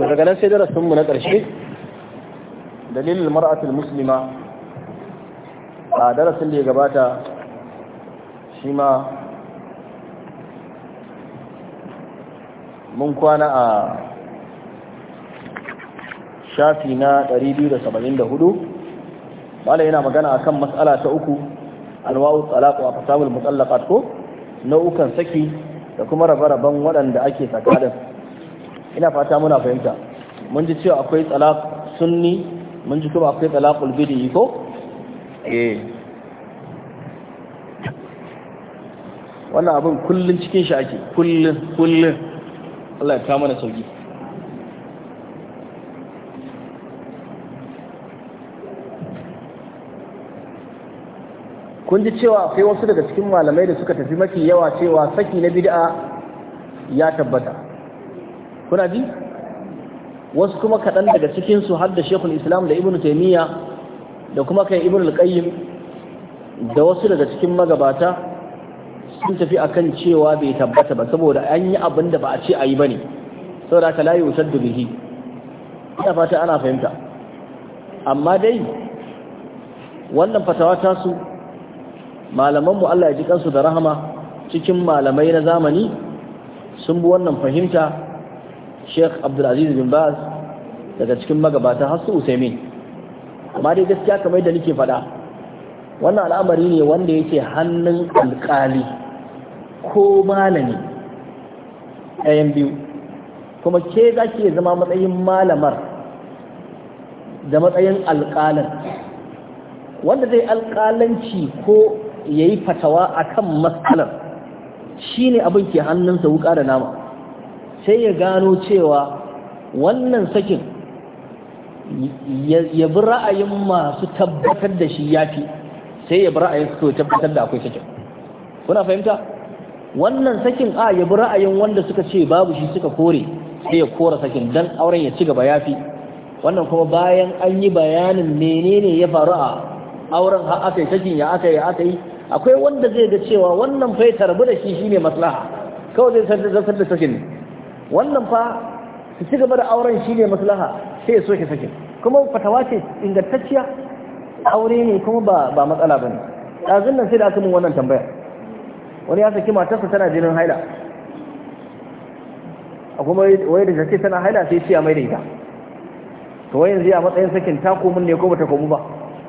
to daga nan sai darasin mu na ƙarshe dalilin mar'atul muslima a darasin da ya gabata shi ma mun kwana a shafi na 274 bala yana magana akan matsala ta uku alwa'u talaqu wa fasawul mutallaqat ko nau'ukan saki da kuma rabe-raben waɗanda ake tsakanin ina fata muna fahimta mun ji cewa akwai talaq sunni mun ji kuma akwai talaqul bid'i ko eh wannan abin kullun cikin shi ake kullun kullun Allah ya kama mana sauki kun ji cewa akwai wasu daga cikin malamai da suka tafi mafi yawa cewa saki na bid'a ya tabbata kuna ji wasu kuma kaɗan daga cikinsu har da shekul islam da ibn taimiyya da kuma kai ibn alƙayyim da wasu daga cikin magabata sun tafi akan cewa bai tabbata ba saboda an yi abin da ba a ce a yi ba ne saboda aka layi wutar da bihi ina fata ana fahimta amma dai wannan fatawa tasu mu Allah ya ji kansu da rahama cikin malamai na zamani sun bi wannan fahimta Sheikh Aziz bin Baz daga cikin magabata har su Usaimin amma dai gaskiya kamar da nake faɗa wannan al'amari ne wanda yake hannun alƙali ko malami ɗayan biyu kuma ke za ki zama matsayin malamar da matsayin alƙalin wanda zai alƙalanci ko ya yi fatawa a kan matsalar shine ne abin ke hannunsa wuƙa da nama sai ya gano cewa wannan sakin ya bi ra'ayin masu tabbatar da shi ya fi sai ya bi ra'ayin su tabbatar da akwai sakin kuna fahimta wannan sakin a ya bi ra'ayin wanda suka ce babu shi suka kore sai ya kora sakin don auren ya ci gaba ya fi wannan kuma bayan an yi bayanin menene ya faru a auren har aka yi sakin ya aka yi aka yi akwai wanda zai ga cewa wannan fai tarbu da shi shine maslaha kawai zai zartar da sakin wannan fa su ci gaba da auren shi ne maslaha sai ya soke sakin kuma fatawa ce ingantacciya aure ne kuma ba ba matsala bane ɗazun nan sai da aka mun wannan tambaya wani ya saki matarsa tana jinin haila a kuma wai da take tana haila sai ciya mai da ita to wai yanzu a matsayin sakin ta komun ne ko bata komu ba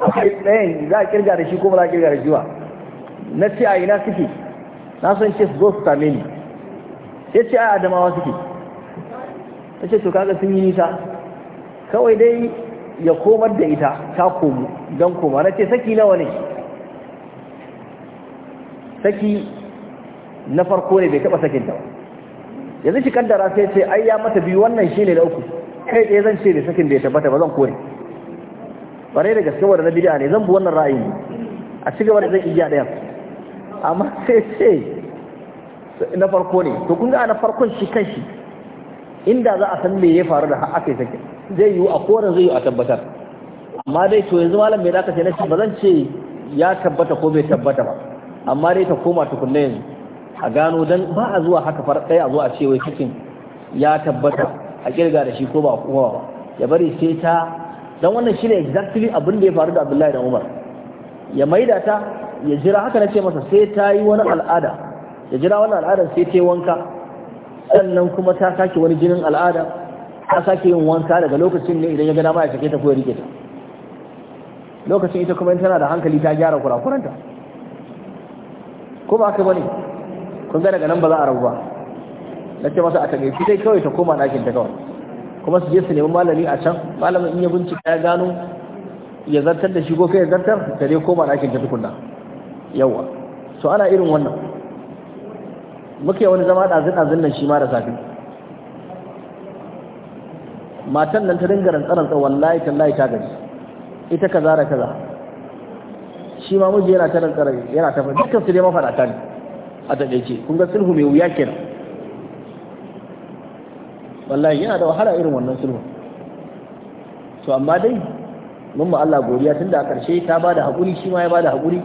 akwai tsayin za a kirga da shi ko ba za a kirga da shi ba na ce a ina suke na san ce su zo su same ni ya ce a adamawa suke ta ce to sun yi nisa kawai dai ya komar da ita ta komu don koma na ce saki nawa ne saki na farko ne bai taba sakin ta yanzu shi kaddara sai ce ai ya mata biyu wannan shi ne na uku kai ɗaya zan ce da sakin bai tabbata ba zan kore bare da gaske wadda na bid'a ne zan bu wannan ra'ayi a cigaba da zan iya ɗaya amma sai ce na farko ne to kun ga na farkon shi kanshi inda za a san me ya faru da aka yi sakin zai yiwu a koren zai yiwu a tabbatar amma dai to yanzu malam mai dakace ce na ce ba zan ce ya tabbata ko bai tabbata ba amma dai ta koma tukunna yanzu a gano dan ba a zuwa haka far ɗaya a zuwa a ce wai sakin ya tabbata a kirga da shi ko ba ko ba ya bari sai ta dan wannan shi ne exactly abin da ya faru da Abdullahi da Umar ya maida ta ya jira haka na ce masa sai ta yi wani al'ada ya jira wannan al'adar sai ta wanka sannan kuma ta sake wani jinin al'ada ta sake yin wanka daga lokacin ne idan ya gana ma ya sake ta ko ya rike ta lokacin ita kuma tana da hankali ta gyara kurakuranta ko ba bane kun ga daga nan ba za a rabu ba Na ce masa a tagaici dai kawai ta koma ɗakin ta kawai kuma su je su nemi malami a can malamin in ya bincika ya gano ya zartar da shi ko kai ya zartar ta dai koma ɗakin ta tukunna yawa so ana irin wannan muke wani zama ɗazin-ɗazin nan shi ma da safe matan nan ta dinga rantsarantsa wallahi layi ta gaji ita kaza da kaza shi ma muji yana ta rantsar yana ta dukkan su dai mafaɗata ne a taƙaice kun ga sulhu mai wuya kenan wallahi yana da wahala irin wannan sulhu to amma dai mun ma Allah godiya tunda a ƙarshe ta bada haƙuri shi ma ya bada haƙuri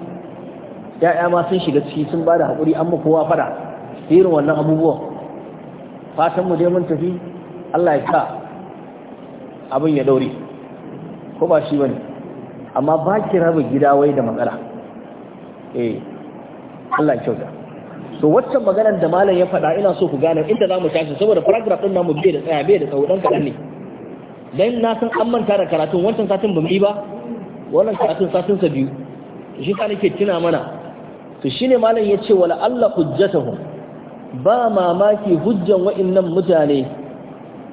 ya'ya ma sun shiga ciki sun bada haƙuri an ma kowa fara da irin wannan abubuwan fatan mu dai mun tafi Allah ya sa abin ya daure ko ba shi bane amma ba ki raba gida wai da matsala eh Allah ya kyauta so waccan maganar da malam ya faɗa ina so ku gane inda zamu tashi saboda paragraph din namu bai da tsaya bai da tsawo dan kadan ne dan na san an manta da karatun wancan satin bamu yi ba wannan karatun satin sa biyu shi ka nake tuna mana to shine malam yace wala Allah hujjatahum ba mamaki hujjan wa'annan mutane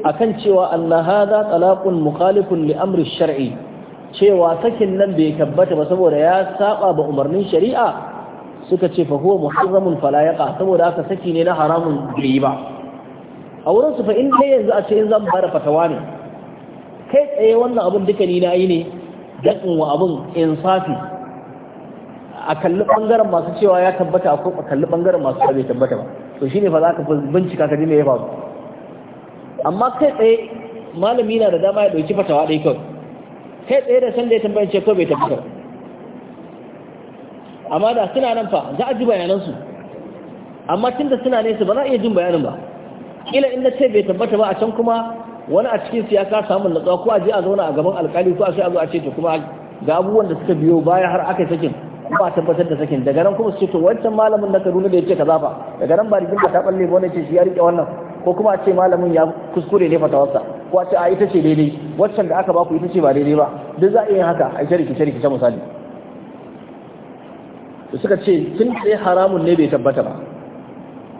akan cewa annaha za talaqun mukhalifun li amri shar'i cewa sakin nan bai tabbata ba saboda ya saba ba umarnin shari'a suka ce fa huwa muharramun fala yaqa saboda haka saki ne na haramun bai ba a wurin su fa in dai yanzu a ce in zan bara fatawa ne kai tsaye wannan abun duka ni na yi ne dan wa abun insafi a kalli bangaren masu cewa ya tabbata a kalli bangaren masu cewa bai tabbata ba to ne fa za ka bincika ka ji ya faru amma kai tsaye malami na da dama ya ɗauki fatawa ɗai kawai kai tsaye da sanda ya tambayance ce ko bai tabbata amma da suna nan fa za a ji bayanansu amma tun da suna nesa ba za a iya jin bayanin ba kila inda ce bai tabbata ba a can kuma wani a cikin ka samun natsuwa ko a je a zauna a gaban alkali ko a sai a zo a ce to kuma ga abubuwan da suka biyo baya har aka yi sakin ba tabbatar da sakin daga nan kuma su ce to wancan malamin na Kaduna da yake kaza fa daga nan ba rigima ta balle ba wannan ce shi ya rike wannan ko kuma a ce malamin ya kuskure ne fatawarsa ko a ce a ita ce daidai waccan da aka baku ita ce ba daidai ba duk za a iya haka a shirki shirki ta misali su suka ce tun sai haramun ne bai tabbata ba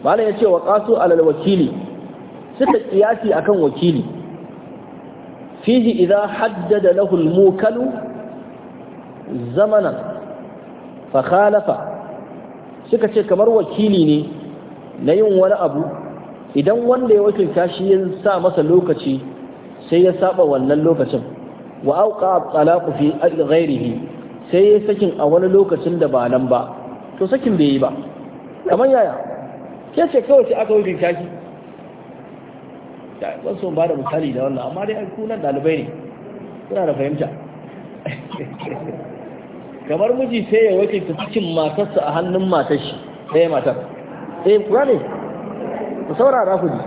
malam ya ce wa qasu alal wakili suka kiyasi akan wakili fihi idza haddada lahu al mukalu zamanan fa khalafa suka ce kamar wakili ne na yin wani abu idan wanda ya wakilta shi ya sa masa lokaci sai ya saba wannan lokacin wa auqa talaqu fi ghairihi sai ya sakin a wani lokacin da ba nan ba to sakin bai yi ba kamar yaya ke ce kawai sai aka wakilta shi ban so ba da misali da wannan amma dai ku nan dalibai ne kuna da fahimta kamar miji sai ya wace cikin matarsa a hannun matar shi ɗaya matar eh kura ne ku saurara ku ji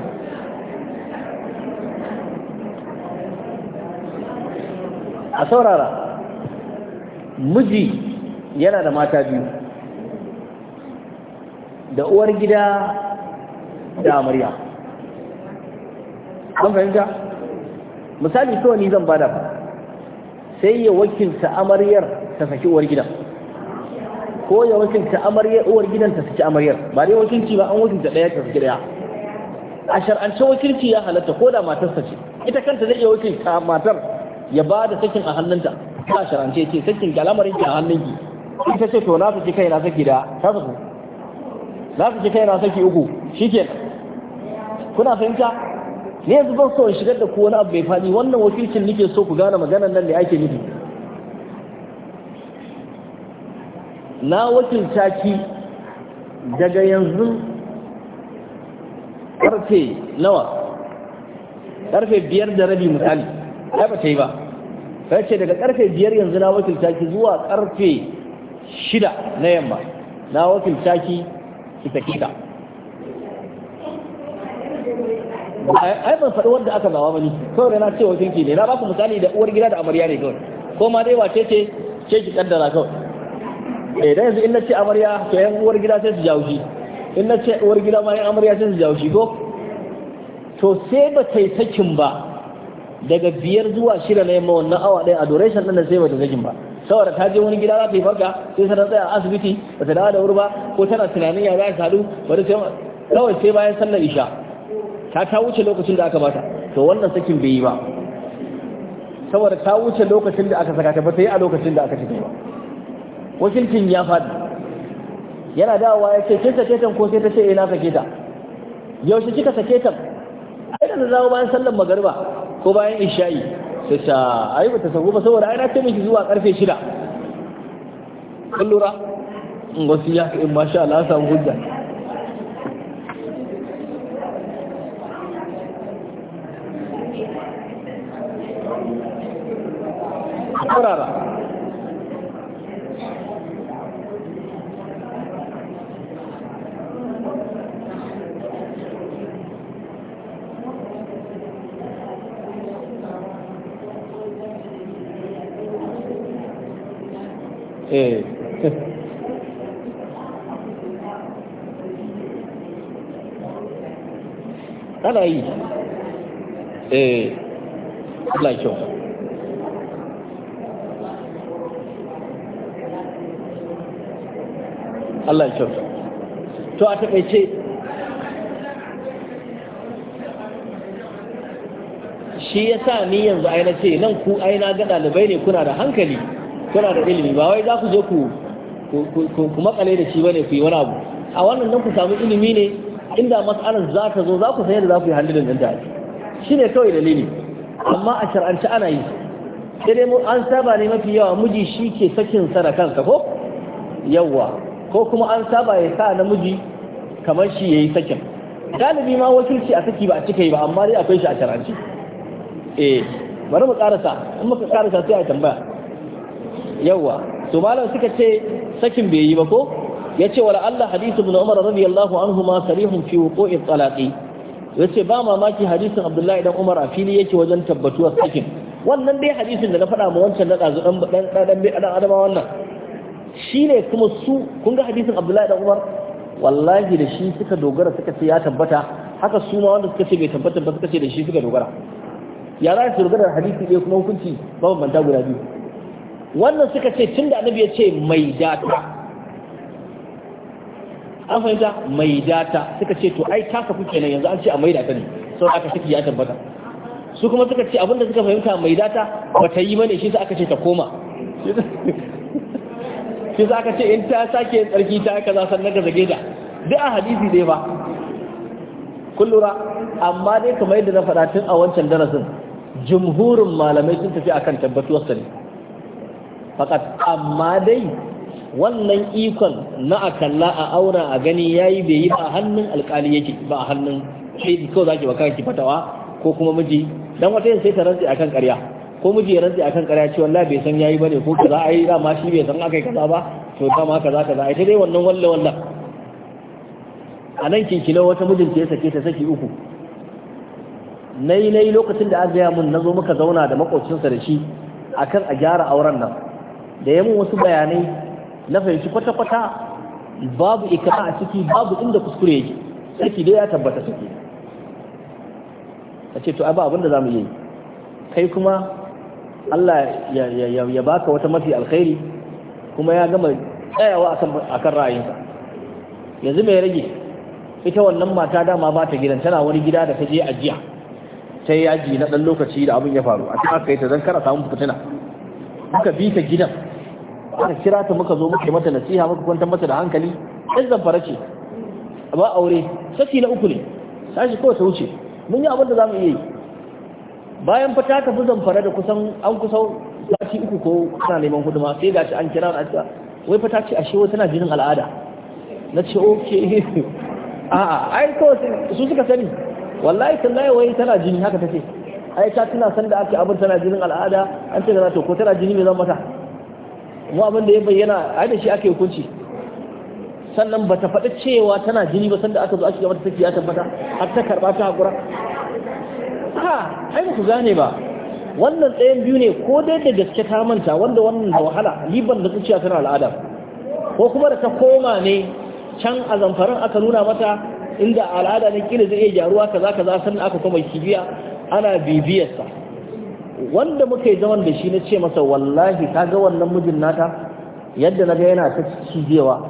a saurara miji yana da mata biyu da uwar gida da amarya don fahimta misali kawai ni zan bada sai ya wakilta amaryar ta saki uwar gidan ko ya wakilta amarya uwar gidan ta saki amaryar ba dai wakilci ba an wakilta daya ta saki daya a shar'ance wakilci ya halatta ko da matarsa ce ita kanta zai iya wakilta matar ya ba da sakin a hannunta ta shar'ance ce sakin ga lamarin ki a hannunki ita ce to na saki kai na saki da ta saku na saki kai na saki uku shikenan kuna fahimta ne yanzu ban so in shigar da ku wani abu mai faɗi wannan wakilcin nake so ku gane maganar nan ne ake nufi na wakilta ki daga yanzu karfe nawa karfe biyar da rabi misali ya ba ta yi ba sai ce daga karfe biyar yanzu na wakilta ki zuwa karfe shida na yamma na wakilta ki kita kita ai ban faɗi wanda aka zawa bane kawai na ce wakilci ne na ba ku misali da uwar gida da amarya ne kawai ko ma dai wace ce ce ki kaddara kawai eh yanzu in ce amarya to yan uwar gida sai su shi, in ce uwar gida ma yan amarya sai su shi ko to sai ba ta yi sakin ba daga biyar zuwa shida na yamma wannan awa ɗaya a duration ɗin da sai ba ta sakin ba saboda ta je wani gida za ta yi farka sai sanar tsaya a asibiti ba ta dawo da wuri ba ko tana tunanin ya za ta sadu ba sai kawai sai bayan sallar isha ta ta wuce lokacin da aka bata to wannan sakin bai yi ba saboda ta wuce lokacin da aka saka ta ba ta yi a lokacin da aka ci ba wakilcin ya faɗi yana dawowa ya ce kin sake ko sai ta ce ina eh, sake yaushe kika sake ta ai da zawo bayan sallar magariba ko bayan isha'i sai ta ai bata sabu ba saboda ai na ce miki zuwa karfe 6 kullura lura in wasu ya in masha Allah samu hujja eh ana yi eh Allah ya Allah kyau to a taɓaice shi ya sa ni yanzu aina ce nan ku aina ga ɗalibai ne kuna da hankali kuna da ilimi ba wai za ku je ku ku makale da shi bane ku yi wani abu a wannan nan ku samu ilimi ne inda mas'alar za ta zo za ku san yadda za ku yi handilin ɗin da shi ne kawai dalili amma a shar'anci ana yi sai dai an saba ne mafi yawa miji shi ke sakin sa da kansa ko yawa ko kuma an saba ya sa namiji kamar shi yayi sakin galibi ma wakilci a saki ba a cika yi ba amma dai akwai shi a shar'anci eh bari mu karasa in muka karasa sai a tambaya yawa to malam suka ce sakin bai yi ba ko ce wala Allah hadithu ibn Umar radiyallahu anhu ma sarihun fi wuqu'i talaqi ce ba mamaki hadisin Abdullahi dan Umar a fili yake wajen tabbatuwar sakin wannan dai hadisin da na faɗa ma wancan na ɗazu ɗan ɗan ɗan ɗan adama wannan shine kuma su kun ga hadisin Abdullahi dan Umar wallahi da shi suka dogara suka ce ya tabbata haka su ma wanda suka ce bai tabbata ba suka ce da shi suka dogara ya za su dogara da hadisi ɗaya kuma hukunci banta guda biyu wannan suka ce tun da annabi ya ce mai data an fahimta mai data suka ce to ai tasa kuke nan yanzu an ce a mai data ne sau aka suke ya tabbata su kuma suka ce abinda suka fahimta mai data ba ta yi mana shi sa aka ce ta koma shi sa aka ce in ta sake tsarki ta za san naga zage da duk a hadisi dai ba kullura amma dai kamar yadda na faɗa tun a wancan darasin jumhurin malamai sun tafi akan tabbatuwar sa ne fakat amma dai wannan ikon na a kalla a aura a gani yi bai yi ba hannun alkali yake ba a hannun kawai za ki ba ki fatawa ko kuma miji dan wata yin sai ta rantsi akan ƙarya ko miji ya rantsi akan ƙarya cewa wallahi bai san yayi bane ko kaza ai dama shi bai san akai kaza ba to dama kaza kaza ai dai wannan walle wallan a nan kinkilo wata mijinta ya sake ta saki uku nai nai lokacin da aka gaya na nazo muka zauna da makocinsa da shi akan a gyara auren nan da ya mun wasu bayanai na fahimci kwata-kwata babu ikra a ciki babu inda kuskure yake sarki dai ya tabbata suke a ce to ai ba abin da za mu yi kai kuma Allah ya baka wata mafi alkhairi kuma ya gama tsayawa akan ra'ayinsa yanzu mai rage ita wannan mata dama ba ta gidan tana wani gida da ta je ajiya ta yi yaji na ɗan lokaci da abin ya faru a cikin aka yi ta zan kara samun fitina muka bi ta gidan aka kira ta muka zo muka mata nasiha muka kwantar mata da hankali ɗan zamfara ce ba aure saki na uku ne tashi kawai ta wuce mun yi abin da za mu iya yi bayan fata ta tafi zamfara da kusan an kusa sati uku ko kana neman huduma sai ga shi an kira na ta wai fa ta ce ashe wai tana jinin al'ada na ce oke a'a ai kawai su suka sani wallahi tallahi wai tana jini haka ta ce ai ta tana san da ake abin tana jinin al'ada an ce da to ko tana jini me zan mata mu abin da ya bayyana a da shi ake hukunci sannan ba ta faɗi cewa tana jini ba sanda aka zo aka gaba ta take ya tabbata har ta karɓa ta haƙura ha ai ba ku gane ba wannan tsayan biyu ne ko dai da gaske ta manta wanda wannan da wahala liban da zuciya tana al'ada ko kuma da ta koma ne can a zamfarin aka nuna mata inda al'ada ne kila zai iya gyaruwa kaza kaza sannan aka koma kibiya ana bibiyarsa wanda muka yi zaman da shi na ce masa wallahi ka ga wannan mijin nata yadda na ga yana ta cizewa,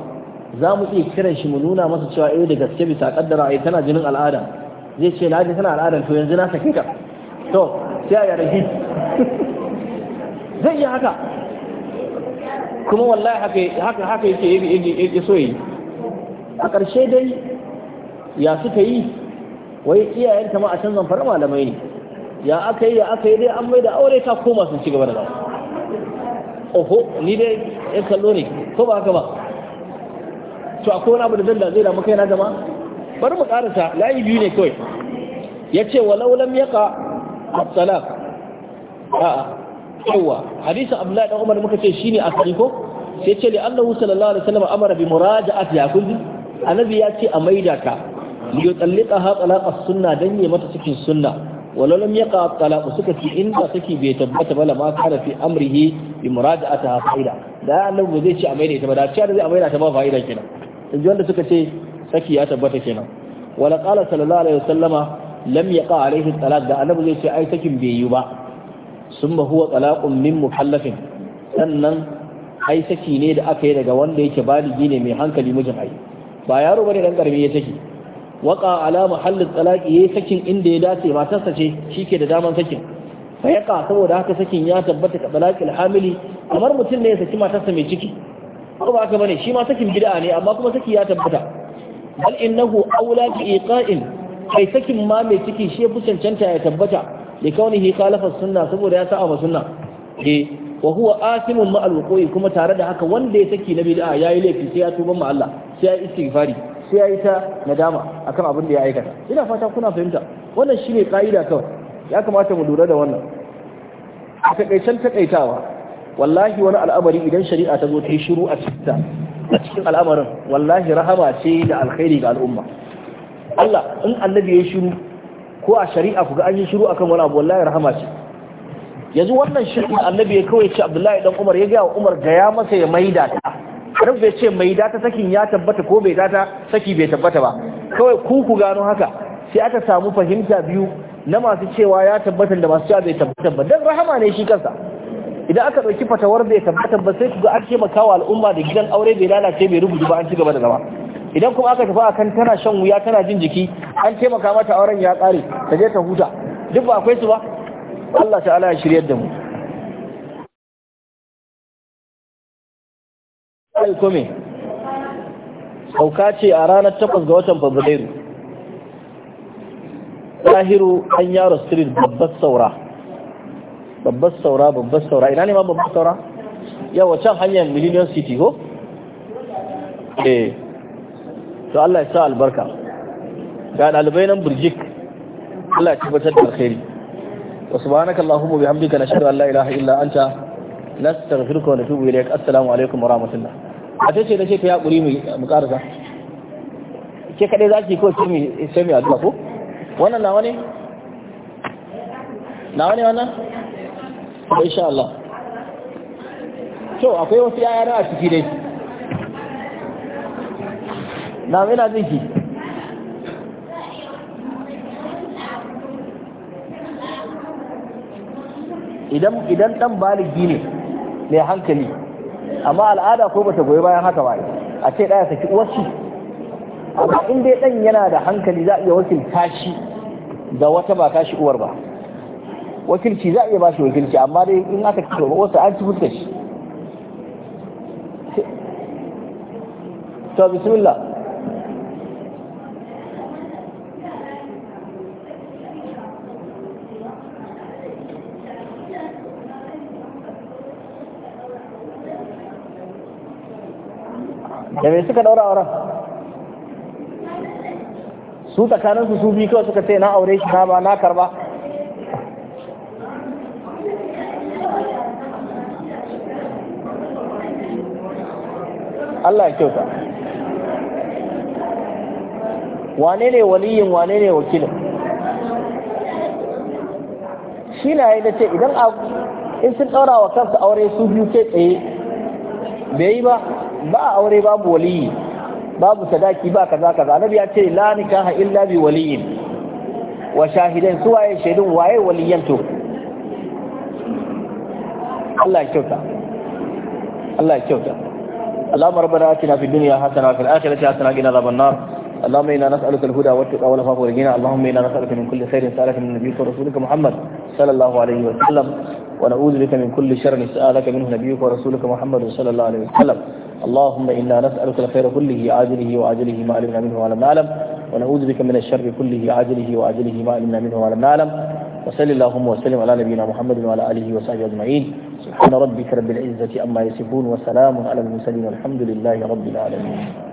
za mu iya kiran shi mu nuna masa cewa eh da gaske bisa kaddara ai eh, tana jinin al'ada zai ce na ji tana al'ada to yanzu na sake ka to sai a yare zai yi haka kuma wallahi haka haka yake yake so yi a ƙarshe dai ya suka yi wai iyayen ma a canzan fara malamai ne ya aka yi ya aka yi dai an mai da aure ta koma sun ci gaba da zama oho ni dai yan kallo ne ko ba haka ba to akwai wani abu da zanda zai muka yana jama bari mu karasa layi biyu ne kawai ya ce walau lam yaka at-talaq a'a yawa hadisin abdullahi dan umar muka ce shine asali ko sai ce li annahu sallallahu alaihi wasallam amara bi muraja'at ya kulli annabi ya ce a maida ka li yutallika ha talaqa sunna dan yi mata cikin sunna walau lam yaqa talaq suka ce in ba saki bai tabbata ba lama kana fi amrihi bi muraja'atiha fa'ida da annabi ba zai ce a maida ita ba da cewa zai a maida ta ba fa'ida kenan inji wanda suka ce saki ya tabbata kenan wala qala sallallahu alaihi wasallama lam yaqa alaihi talaq da annabi zai ce ai sakin bai yiwu ba summa huwa talaqun min sannan ai saki ne da aka yi daga wanda yake baligi ne mai hankali mijin ai ba yaro bane dan karmi ya saki waka ala mahallin talaki yayi sakin inda ya dace matarsa ce shike da daman sakin fa saboda haka sakin ya tabbata ka talaqil Alhamili, kamar mutum ne ya saki matarsa mai ciki ko ba haka bane shi ma sakin bid'a ne amma kuma saki ya tabbata bal innahu aula bi iqa'in kai sakin ma mai ciki shi fi cancanta ya tabbata li kaunihi khalafa sunna saboda ya sa'a sunna eh wa huwa asimun ma wuqu'i kuma tare da haka wanda ya saki na bid'a yayi laifi sai ya tuba ma Allah sai ya istighfari sai ya yi ta nadama akan abin da ya aikata ina fata kuna fahimta wannan shine ka'ida kawai ya kamata mu lura da wannan a takaicen takaitawa wallahi wani al'amari idan shari'a ta zo ta yi shiru a cikinta a cikin al'amarin wallahi rahama ce da alkhairi ga al'umma Allah in annabi ya shiru ko a shari'a ku ga an yi shiru akan wani abu wallahi rahama ce yanzu wannan shirin annabi ya kawai ce Abdullahi dan Umar ya ga Umar ga ya masa ya maida ta nan bai ce mai data sakin ya tabbata ko bai data saki bai tabbata ba kawai kuku gano haka sai aka samu fahimta biyu na masu cewa ya tabbata da masu cewa bai tabbata ba Don rahama ne shi kansa idan aka ɗauki fatawar bai tabbata ba sai ku ga an wa al'umma da gidan aure bai lalace bai rubutu ba an ci gaba da zama idan kuma aka tafi akan tana shan wuya tana jin jiki an taimaka mata auren ya kare ta je ta huta duk ba akwai su ba Allah ta'ala ya shiryar da mu kai kome sauka ce a ranar takwas ga watan fabrairu zahiru an yaro street babbar saura babbar saura babbar saura ina ne ma babbar saura yawa can hanyar millennium city ko? eh to Allah ya sa albarka ga ɗalibai nan burjik Allah ya tabbatar da alkhairi wa subhanaka allahumma bihamdika nashhadu an la ilaha illa anta nastaghfiruka wa natubu ilayk assalamu alaikum wa rahmatullah a ta ce na ce ka yi haƙuri mu ƙarasa ke kaɗai za ki ko sai mai addu'a ko wannan nawa ne nawa ne wannan ko insha Allah to akwai wasu yaya na a ciki dai na ina na idan idan dan baligi ne mai hankali amma al'ada ko bata goyi bayan haka ba a ce ɗaya saki uwarci amma in dai dan yana da hankali za a iya wakilta shi da wata ba tashi uwar ba wakilci za a iya ba shi wakilci amma dai in aka kiro ba wasu an ci da shi to bismillah da me suka daura auren su tsakaninsu su biyu kawai suka ce na aure shi na ba na karba Allah ya kyauta wane ne waliyin wane ne wakilin shi na yi da ce idan in sun ɗaura wa kansu aure su biyu ke tsaye bai yi ba ba aure babu waliyi babu sadaki ba kaza kaza annabi ya ce la nikaha illa bi waliyin wa shahidan su waye shaidun waye waliyan to Allah ya kyauta Allah ya kyauta اللهم ربنا آتنا في الدنيا حسنة وفي الآخرة حسنة وقنا عذاب النار اللهم إنا نسألك الهدى والتقى والعفاف والغنى اللهم إنا نسألك من كل خير سألك من نبيك ورسولك محمد صلى الله عليه وسلم ونعوذ بك من كل شر سألك منه نبيك ورسولك محمد صلى الله عليه وسلم اللهم إنا نسألك الخير كله عاجله وآجله ما علمنا منه ولم نعلم ونعوذ بك من الشر كله عاجله وآجله ما علمنا منه ولم نعلم وصل اللهم وسلم على نبينا محمد وعلى آله وصحبه أجمعين سبحان ربك رب العزة أما يصفون وسلام على المرسلين والحمد لله رب العالمين